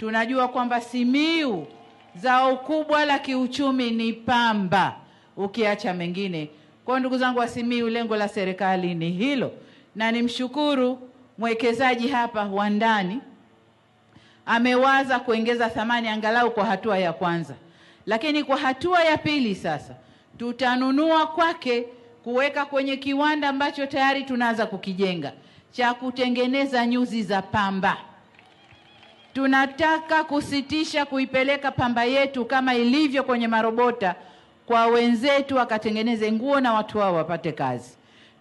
Tunajua kwamba Simiyu zao kubwa la kiuchumi ni pamba, ukiacha mengine. Kwa ndugu zangu wa Simiyu, lengo la serikali ni hilo, na nimshukuru mwekezaji hapa wa ndani amewaza kuongeza thamani angalau kwa hatua ya kwanza, lakini kwa hatua ya pili sasa tutanunua kwake kuweka kwenye kiwanda ambacho tayari tunaanza kukijenga cha kutengeneza nyuzi za pamba tunataka kusitisha kuipeleka pamba yetu kama ilivyo kwenye marobota kwa wenzetu wakatengeneze nguo na watu wao wapate kazi.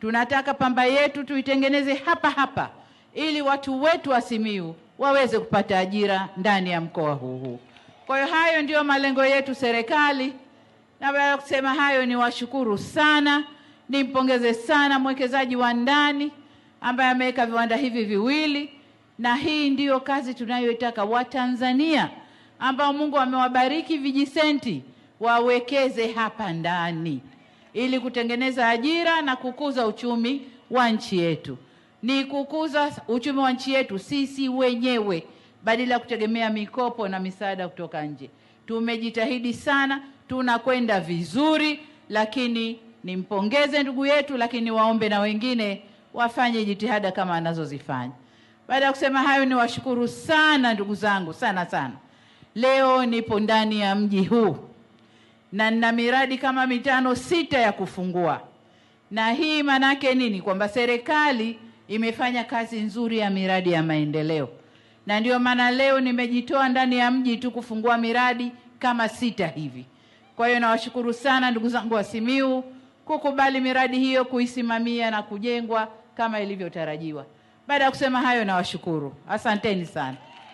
Tunataka pamba yetu tuitengeneze hapa hapa ili watu wetu wa Simiyu waweze kupata ajira ndani ya mkoa huu Kwa hiyo hayo ndiyo malengo yetu serikali, na baada ya kusema hayo, niwashukuru sana, nimpongeze sana mwekezaji wa ndani ambaye ameweka viwanda hivi viwili na hii ndiyo kazi tunayoitaka Watanzania ambao Mungu amewabariki vijisenti wawekeze hapa ndani ili kutengeneza ajira na kukuza uchumi wa nchi yetu. Ni kukuza uchumi wa nchi yetu sisi wenyewe badala ya kutegemea mikopo na misaada kutoka nje. Tumejitahidi sana, tunakwenda vizuri, lakini nimpongeze ndugu yetu, lakini waombe na wengine wafanye jitihada kama anazozifanya. Baada ya kusema hayo, niwashukuru sana ndugu zangu sana sana. Leo nipo ndani ya mji huu na nina miradi kama mitano sita ya kufungua, na hii manake nini? Kwamba serikali imefanya kazi nzuri ya miradi ya maendeleo, na ndio maana leo nimejitoa ndani ya mji tu kufungua miradi kama sita hivi. Kwa hiyo nawashukuru sana ndugu zangu wa Simiyu kukubali miradi hiyo kuisimamia na kujengwa kama ilivyotarajiwa. Baada ya kusema hayo, nawashukuru, asanteni sana.